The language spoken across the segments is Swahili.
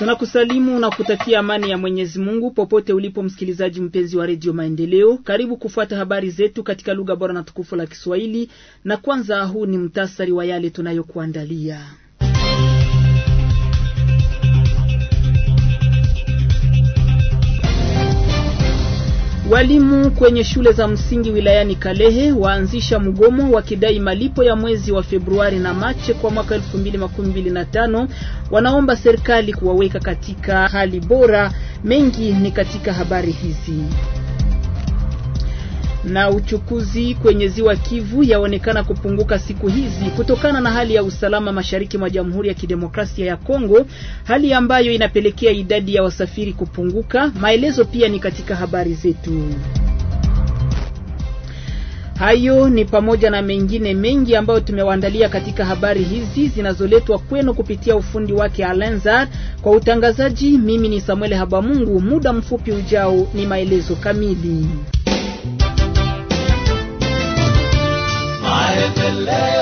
Tunakusalimu na kutakia amani ya Mwenyezi Mungu popote ulipo msikilizaji mpenzi wa Redio Maendeleo. Karibu kufuata habari zetu katika lugha bora na tukufu la Kiswahili, na kwanza huu ni mtasari wa yale tunayokuandalia. Walimu kwenye shule za msingi wilayani Kalehe waanzisha mgomo wakidai malipo ya mwezi wa Februari na Machi kwa mwaka 2025. Wanaomba serikali kuwaweka katika hali bora. Mengi ni katika habari hizi na uchukuzi kwenye ziwa Kivu yaonekana kupunguka siku hizi kutokana na hali ya usalama mashariki mwa Jamhuri ya Kidemokrasia ya Kongo, hali ambayo inapelekea idadi ya wasafiri kupunguka. Maelezo pia ni katika habari zetu. Hayo ni pamoja na mengine mengi ambayo tumewaandalia katika habari hizi zinazoletwa kwenu kupitia ufundi wake Alenzar. Kwa utangazaji, mimi ni Samuel Habamungu. Muda mfupi ujao ni maelezo kamili. Hallelujah.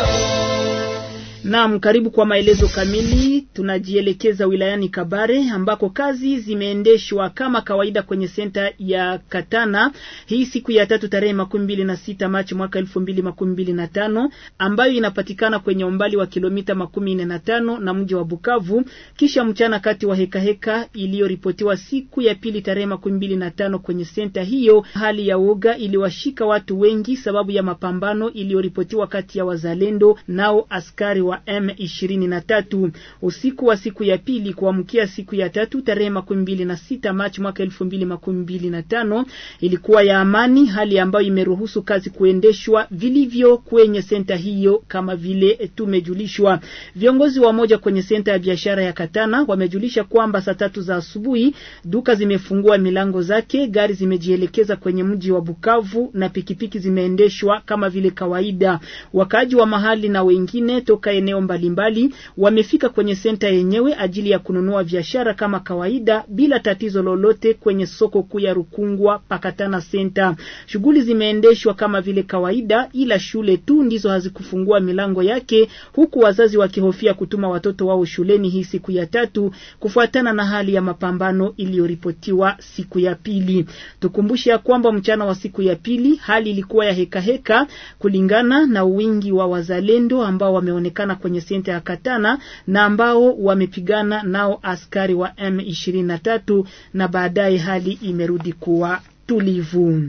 Naam, karibu kwa maelezo kamili. Tunajielekeza wilayani Kabare ambako kazi zimeendeshwa kama kawaida kwenye senta ya Katana hii siku ya tatu tarehe makumi mbili na sita Machi mwaka elfu mbili makumi mbili na tano ambayo inapatikana kwenye umbali wa kilomita makumi nne na tano na mji wa Bukavu, kisha mchana kati wa hekaheka iliyoripotiwa siku ya pili tarehe makumi mbili na tano kwenye senta hiyo. Hali ya woga iliwashika watu wengi sababu ya mapambano iliyoripotiwa kati ya wazalendo nao askari wa M23 usiku wa siku ya pili kuamkia siku ya tatu tarehe makumi mbili na sita Machi mwaka elfu mbili makumi mbili na tano ilikuwa ya amani, hali ambayo imeruhusu kazi kuendeshwa vilivyo kwenye senta hiyo kama vile tumejulishwa. Viongozi wa moja kwenye senta ya biashara ya Katana wamejulisha kwamba saa tatu za asubuhi duka zimefungua milango zake, gari zimejielekeza kwenye mji wa Bukavu na pikipiki zimeendeshwa kama vile kawaida. Wakaaji wa mahali na wengine toka eneo maeneo mbalimbali mbali, wamefika kwenye senta yenyewe ajili ya kununua biashara kama kawaida bila tatizo lolote kwenye soko kuu ya Rukungwa Pakatana Senta. Shughuli zimeendeshwa kama vile kawaida, ila shule tu ndizo hazikufungua milango yake, huku wazazi wakihofia kutuma watoto wao shuleni hii siku ya tatu kufuatana na hali ya mapambano iliyoripotiwa siku ya pili. Tukumbushe ya kwamba mchana wa siku ya pili hali ilikuwa ya hekaheka heka, kulingana na wingi wa wazalendo ambao wameonekana kwenye senta ya Katana na ambao wamepigana nao askari wa M23 na baadaye hali imerudi kuwa tulivu.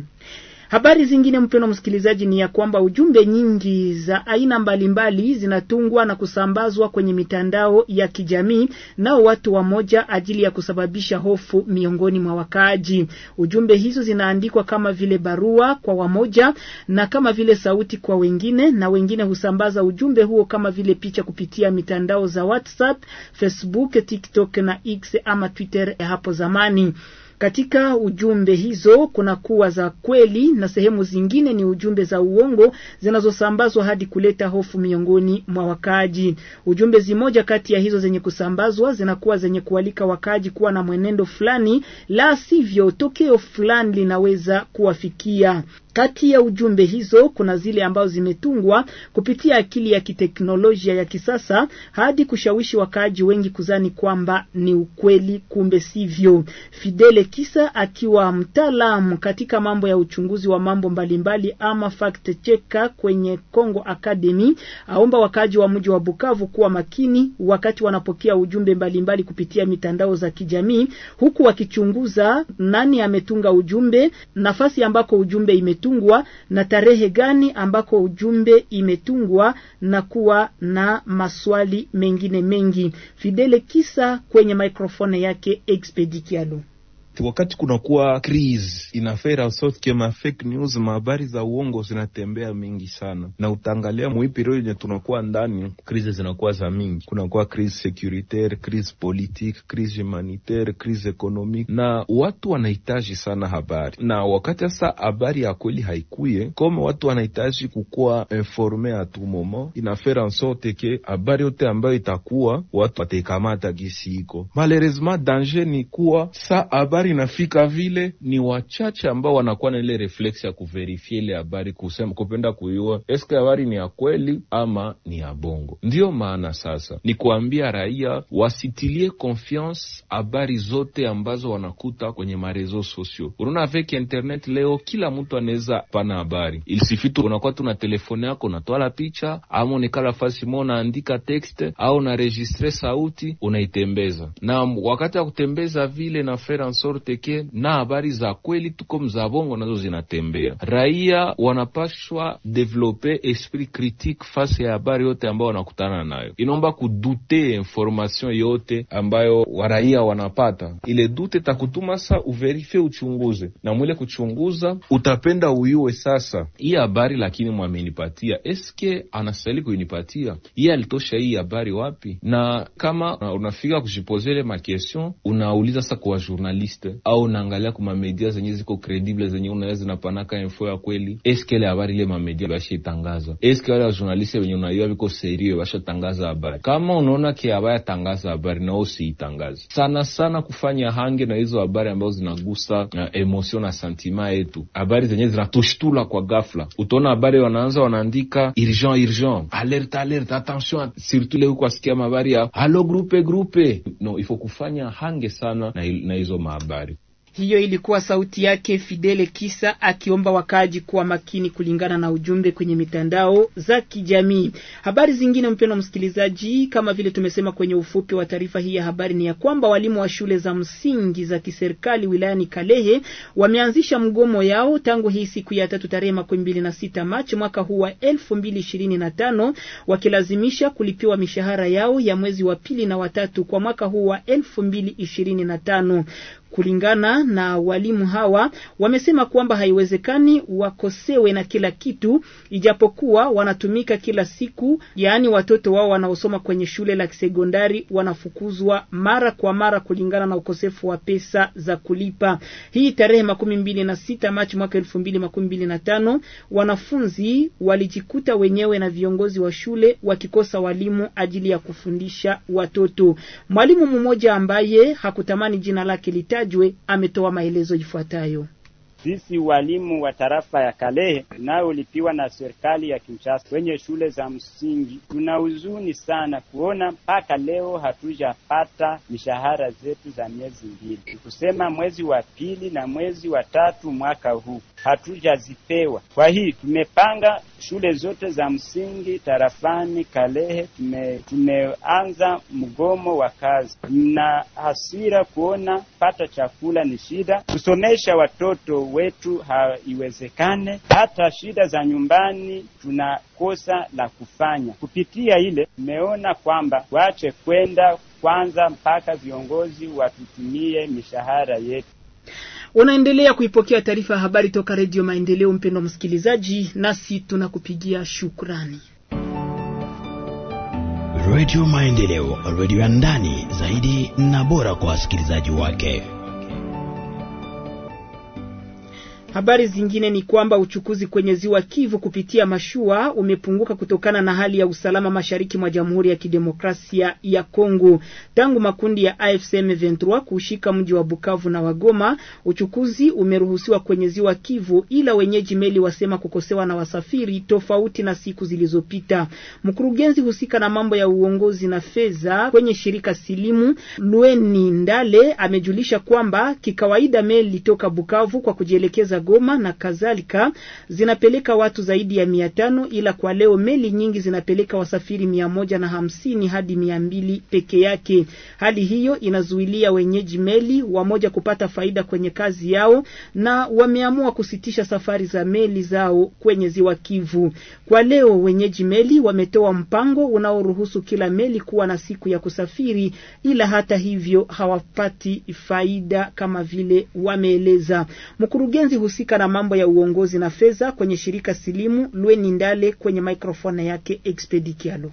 Habari zingine mpeno msikilizaji, ni ya kwamba ujumbe nyingi za aina mbalimbali zinatungwa na kusambazwa kwenye mitandao ya kijamii nao watu wamoja ajili ya kusababisha hofu miongoni mwa wakaaji. Ujumbe hizo zinaandikwa kama vile barua kwa wamoja na kama vile sauti kwa wengine, na wengine husambaza ujumbe huo kama vile picha kupitia mitandao za WhatsApp, Facebook, TikTok na X ama Twitter hapo zamani. Katika ujumbe hizo kuna kuwa za kweli na sehemu zingine ni ujumbe za uongo zinazosambazwa hadi kuleta hofu miongoni mwa wakaaji. Ujumbe zimoja kati ya hizo zenye kusambazwa zinakuwa zenye kualika wakaaji kuwa na mwenendo fulani, la sivyo tokeo fulani linaweza kuwafikia. Kati ya ujumbe hizo kuna zile ambazo zimetungwa kupitia akili ya kiteknolojia ya kisasa hadi kushawishi wakaaji wengi kuzani kwamba ni ukweli, kumbe sivyo. Fidele kisa akiwa mtaalamu katika mambo ya uchunguzi wa mambo mbalimbali ama fact checker kwenye Congo Academy aomba wakaaji wa mji wa Bukavu kuwa makini wakati wanapokea ujumbe mbalimbali mbali kupitia mitandao za kijamii, huku wakichunguza nani ametunga ujumbe, nafasi ambako ujumbe imetungwa na tarehe gani ambako ujumbe imetungwa na kuwa na maswali mengine mengi. Fidele Kisa kwenye mikrofone yake Expedikialo wakati kunakuwa crisis inafera South Kema, fake news, mahabari za uongo zinatembea mingi sana, na utaangalia muipiro yenye tunakuwa ndani, crisis zinakuwa za mingi. Kunakuwa crisis securitaire, crise politique, crise humanitaire, crise economique, na watu wanahitaji sana habari, na wakati sasa habari ya kweli haikuye kome watu wanahitaji kukuwa informe a tout moment, inafera nsorte ke habari yote ambayo itakuwa watu wataikamata gisi iko malheureusement danger ni kuwa sa habari habari inafika vile, ni wachache ambao wanakuwa na ile reflex ya kuverifia ile habari, kusema kupenda kuiua eske habari ni ya kweli ama ni ya bongo. Ndiyo maana sasa ni kuambia raia wasitilie confiance habari zote ambazo wanakuta kwenye marezo sosio. Unaona, avec internet leo kila mtu anaweza pana habari, ilisifitu, unakuwa tu na telefone yako unatwala picha ama unekala fasi mo unaandika texte au unaregistre sauti unaitembeza, na wakati ya kutembeza vile na faire en sorte porteke na habari za kweli tuko mza bongo nazo zinatembea. Raia wanapashwa develope esprit critique fasi ya habari yote ambayo wanakutana nayo. Inaomba kudute information yote ambayo waraia wanapata, ile dute takutuma sa uverifie, uchunguze na mwile kuchunguza, utapenda uyuwe sasa hii habari lakini mwamenipatia eske anastahili kuinipatia iye, alitosha hii habari wapi? Na kama unafika kujipozele makestion, unauliza sa kwa journaliste yake, au unaangalia kwa mamedia zenye ziko kredible zenye unaweza zinapanaka info ya kweli. Eske ile habari ile mamedia bashatangaza? Eske wale wajournaliste wenye unaiwa viko serio tangaza habari? Kama unaona ki tangaza habari, nao usiitangaze sana sana, kufanya hange na hizo habari ambazo zinagusa na eh, emotion na sentima yetu, habari zenye zinatushitula kwa ghafla. Utaona habari wanaanza wanaandika urgent urgent, alerte alerte, attention, surtout leo sikia habari ya halo groupe groupe No, ifo kufanya hange sana na hizo mahabari habari. Hiyo ilikuwa sauti yake Fidele Kisa akiomba wakaaji kuwa makini kulingana na ujumbe kwenye mitandao za kijamii. Habari zingine, mpendwa msikilizaji, kama vile tumesema kwenye ufupi wa taarifa hii ya habari, ni ya kwamba walimu wa shule za msingi za kiserikali wilayani Kalehe wameanzisha mgomo yao tangu hii siku ya tatu tarehe makumi mbili na sita Machi mwaka huu wa elfu mbili ishirini na tano wakilazimisha kulipiwa mishahara yao ya mwezi wa pili na watatu kwa mwaka huu wa elfu mbili ishirini na tano. Kulingana na walimu hawa, wamesema kwamba haiwezekani wakosewe na kila kitu, ijapokuwa wanatumika kila siku, yaani watoto wao wanaosoma kwenye shule la sekondari wanafukuzwa mara kwa mara kulingana na ukosefu wa pesa za kulipa. Hii tarehe makumi mbili na sita Machi mwaka elfu mbili makumi mbili na tano wanafunzi walijikuta wenyewe na viongozi wa shule wakikosa walimu ajili ya kufundisha watoto. Mwalimu mmoja ambaye hakutamani jina lake lita Shajwe ametoa maelezo ifuatayo. Sisi walimu wa tarafa ya Kalehe inayolipiwa na serikali ya Kinshasa kwenye shule za msingi tuna huzuni sana kuona mpaka leo hatujapata mishahara zetu za miezi mbili, kusema mwezi wa pili na mwezi wa tatu mwaka huu hatujazipewa. Kwa hii tumepanga shule zote za msingi tarafani Kalehe tume, tumeanza mgomo wa kazi na hasira kuona pata chakula ni shida, kusomesha watoto wetu haiwezekane. Hata shida za nyumbani tunakosa la kufanya. Kupitia ile tumeona kwamba wache kwenda kwanza mpaka viongozi watutumie mishahara yetu. Unaendelea kuipokea taarifa ya habari toka Redio Maendeleo, mpendwa msikilizaji, nasi tunakupigia shukrani. Redio Maendeleo, redio ya ndani zaidi na bora kwa wasikilizaji wake. Habari zingine ni kwamba uchukuzi kwenye ziwa Kivu kupitia mashua umepunguka kutokana na hali ya usalama mashariki mwa Jamhuri ya Kidemokrasia ya Kongo. Tangu makundi ya AFC M23 kushika mji wa Bukavu na Wagoma, uchukuzi umeruhusiwa kwenye ziwa Kivu, ila wenyeji meli wasema kukosewa na wasafiri tofauti na siku zilizopita. Mkurugenzi husika na mambo ya uongozi na fedha kwenye shirika Silimu lweni Ndale amejulisha kwamba kikawaida meli toka Bukavu kwa kujielekeza Goma na kadhalika zinapeleka watu zaidi ya mia tano, ila kwa leo meli nyingi zinapeleka wasafiri mia moja na hamsini hadi mia mbili peke yake. Hali hiyo inazuilia wenyeji meli wamoja kupata faida kwenye kazi yao, na wameamua kusitisha safari za meli zao kwenye ziwa Kivu. Kwa leo wenyeji meli wametoa mpango unaoruhusu kila meli kuwa na siku ya kusafiri, ila hata hivyo hawapati faida kama vile wameeleza mkurugenzi husika na mambo ya uongozi na fedha kwenye shirika silimu Lweni Ndale kwenye maikrofona yake Expedi Kialo.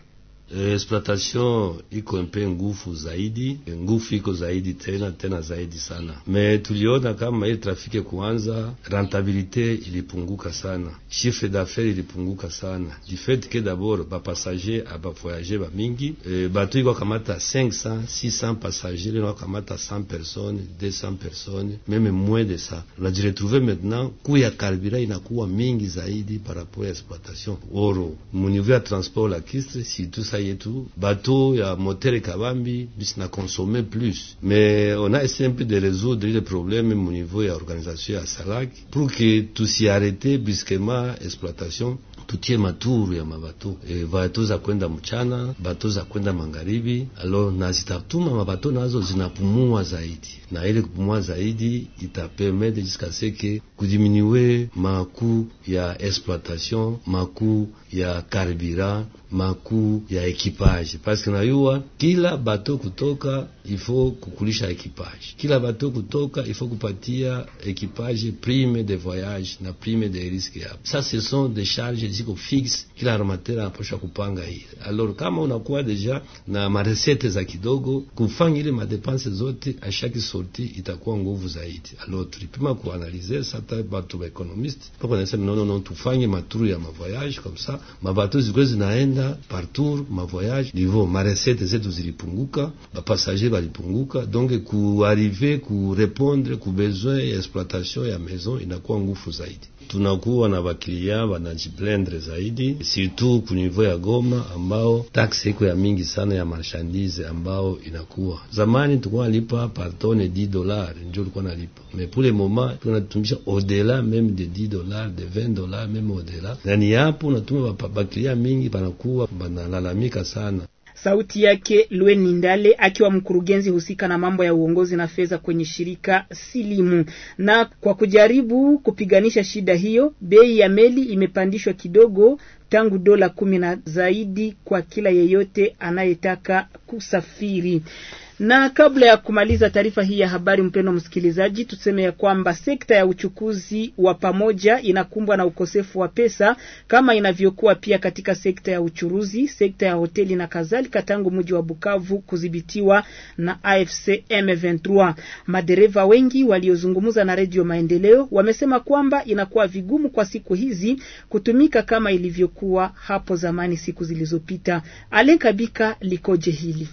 Exploitation iko mpe ngufu zaidi, ngufu iko zaidi tena tena zaidi sana. Me tuliona kama ile trafiki kuanza, rentabilité ilipunguka sana, chiffre d'affaires ilipunguka sana, du fait que d'abord ba passager aba ah, voyager ba mingi e, batu iko kamata 500 600 passagers leo kamata 100 personnes 200 personnes même moins de ça. La maintenant ku ya carburant inakuwa mingi zaidi par rapport à exploitation oro. Mu niveau ya transport la kistre et tout, bateau, il y moteur et Kabambi, puis on a consommé plus. Mais on a essayé un peu de résoudre les problèmes au niveau de l'organisation à Salak pour que tout s'y puisque ma exploitation tutie maturu ya mabato et bateau za kwenda bateau, bateau za kwenda Mangaribi. Alors, na zitatuma mabato nazo zinapumua zaidi, na ile kupumua zaidi permet de ce que kudiminiwe maku ya exploitation, maku ya carburant, maku ya ya ekipaje paske nayua kila bato kutoka ifo kukulisha ekipaje, kila bato kutoka ifo kupatia ekipaje prime de voyage na prime de risque yabo. Sa ce sont des charges ziko fixe, kila armateur anapasha kupanga ile. Alors kama unakuwa deja na maresete za kidogo, kufanya ile madepense zote a chaque sortie itakuwa nguvu zaidi. Alors tulipima kuanalize sata bato ba economiste poko nasema nono, tufanye maturu ya mavoyage comme ça mabato ziko zinaenda partout mavoyage nivo maresete zetu zilipunguka, bapasager balipunguka, donc kuarive kurepondre ku kubezwe ya exploitation ya maison inakuwa ngufu zaidi tunakuwa na wakilia wanajiplendre zaidi surtout kunivo ya Goma, ambao taksi iko ya mingi sana ya marshandise ambao inakuwa zamani tulikuwa nalipa partone 10 dollars ndio tulikuwa nalipa, mais pour le moment tunatumisha odela meme de 10 dollars de 20 dollars meme odela, na ni hapo natuma bakilia mingi banakuwa banalalamika sana Sauti yake Lweni Ndale akiwa mkurugenzi husika na mambo ya uongozi na fedha kwenye shirika Silimu. Na kwa kujaribu kupiganisha shida hiyo, bei ya meli imepandishwa kidogo tangu dola kumi na zaidi kwa kila yeyote anayetaka kusafiri. Na kabla ya kumaliza taarifa hii ya habari, mpendo msikilizaji, tuseme ya kwamba sekta ya uchukuzi wa pamoja inakumbwa na ukosefu wa pesa kama inavyokuwa pia katika sekta ya uchuruzi, sekta ya hoteli na kadhalika, tangu mji wa Bukavu kudhibitiwa na AFC M23. Madereva wengi waliozungumza na Redio Maendeleo wamesema kwamba inakuwa vigumu kwa siku hizi kutumika kama ilivyokuwa hapo zamani siku zilizopita. Alenka Bika likoje hili?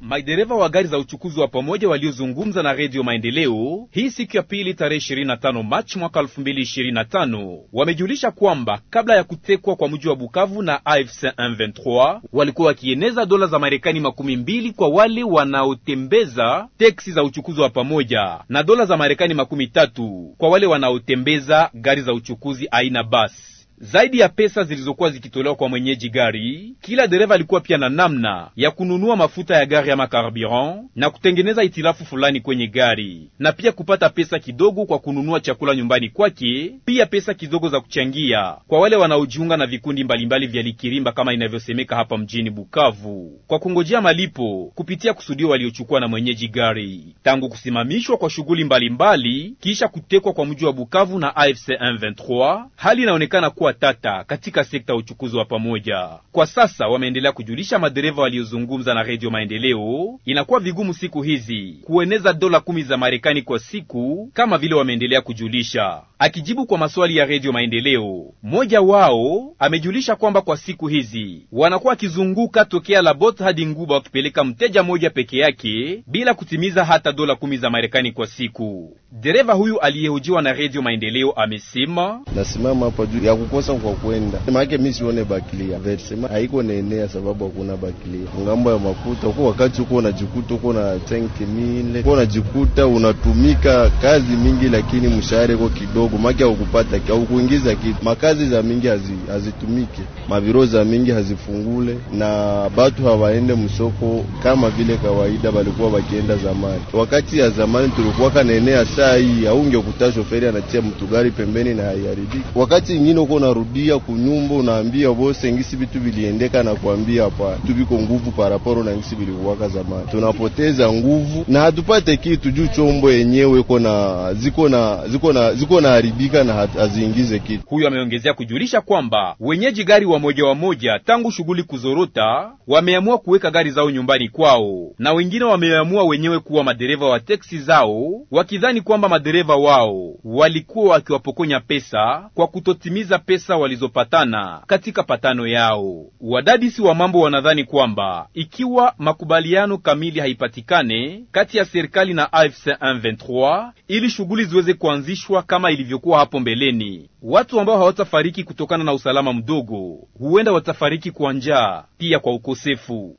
Madereva wa gari za uchukuzi wa pamoja waliozungumza na Redio Maendeleo hii siku ya pili tarehe 25 Machi mwaka 2025 wamejulisha kwamba kabla ya kutekwa kwa mji wa Bukavu na AFC M23 walikuwa wakieneza dola za Marekani makumi mbili kwa wale wanaotembeza teksi za uchukuzi wa pamoja na dola za Marekani makumi tatu kwa wale wanaotembeza gari za uchukuzi aina basi. Zaidi ya pesa zilizokuwa zikitolewa kwa mwenyeji gari, kila dereva alikuwa pia na namna ya kununua mafuta ya gari ama karburant na kutengeneza itilafu fulani kwenye gari, na pia kupata pesa kidogo kwa kununua chakula nyumbani kwake, pia pesa kidogo za kuchangia kwa wale wanaojiunga na vikundi mbalimbali vya Likirimba kama inavyosemeka hapa mjini Bukavu, kwa kungojea malipo kupitia kusudio waliochukua na mwenyeji gari, tangu kusimamishwa kwa shughuli mbalimbali kisha kutekwa kwa mji wa Bukavu na AFC M23, hali inaonekana kuwa wa Tata katika sekta ya uchukuzi wa pamoja. Kwa sasa wameendelea kujulisha madereva waliozungumza na Redio Maendeleo, inakuwa vigumu siku hizi kueneza dola kumi za Marekani kwa siku kama vile wameendelea kujulisha. Akijibu kwa maswali ya Redio Maendeleo, mmoja wao amejulisha kwamba kwa siku hizi wanakuwa wakizunguka tokea Labot hadi Nguba wakipeleka mteja mmoja peke yake bila kutimiza hata dola kumi za Marekani kwa siku. Dereva huyu aliyehojiwa na Redio Maendeleo amesema nasimama hapa juu ya kuko kukosa kwa kwenda maake, mi sione bakilia versema haiko naenea, sababu hakuna bakilia ngambo ya makuta huko. Wakati uko unajikuta uko na tenki mile, uko unajikuta unatumika kazi mingi, lakini mshahara uko kidogo, make haukupata au kuingiza kitu. Makazi za mingi hazitumike, maviro za mingi hazifungule, na batu hawaende msoko kama vile kawaida balikuwa wakienda zamani. Wakati ya zamani tulikuwa kanaenea, saa hii aunge kuta shoferi anatia mtu gari pembeni na haiharibiki, wakati ingine uko unarudia kunyumba, unaambia bose ngisi vitu viliendeka na kuambia hapa tubiko nguvu paraporo na ngisi vilikuwaka zamani. Tunapoteza nguvu na hatupate kitu juu chombo yenyewe iko na ziko na ziko na ziko na haribika na haziingize kitu. Huyu ameongezea kujulisha kwamba wenyeji gari wa moja wa moja tangu shughuli kuzorota wameamua kuweka gari zao nyumbani kwao, na wengine wameamua wenyewe kuwa madereva wa teksi zao, wakidhani kwamba madereva wao walikuwa wakiwapokonya pesa kwa kutotimiza pesa pesa walizopatana katika patano yao. Wadadisi wa mambo wanadhani kwamba ikiwa makubaliano kamili haipatikane kati ya serikali na AFC M23 ili shughuli ziweze kuanzishwa kama ilivyokuwa hapo mbeleni, watu ambao hawatafariki kutokana na usalama mdogo huenda watafariki kwa njaa, pia kwa ukosefu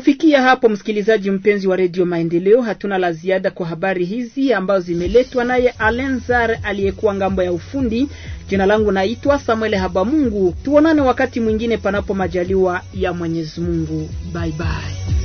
Kufikia hapo, msikilizaji mpenzi wa redio Maendeleo, hatuna la ziada kwa habari hizi ambazo zimeletwa naye Alenzar aliyekuwa ngambo ya ufundi. Jina langu naitwa Samuel Habamungu. Tuonane wakati mwingine, panapo majaliwa ya Mwenyezi Mungu. Bye bye.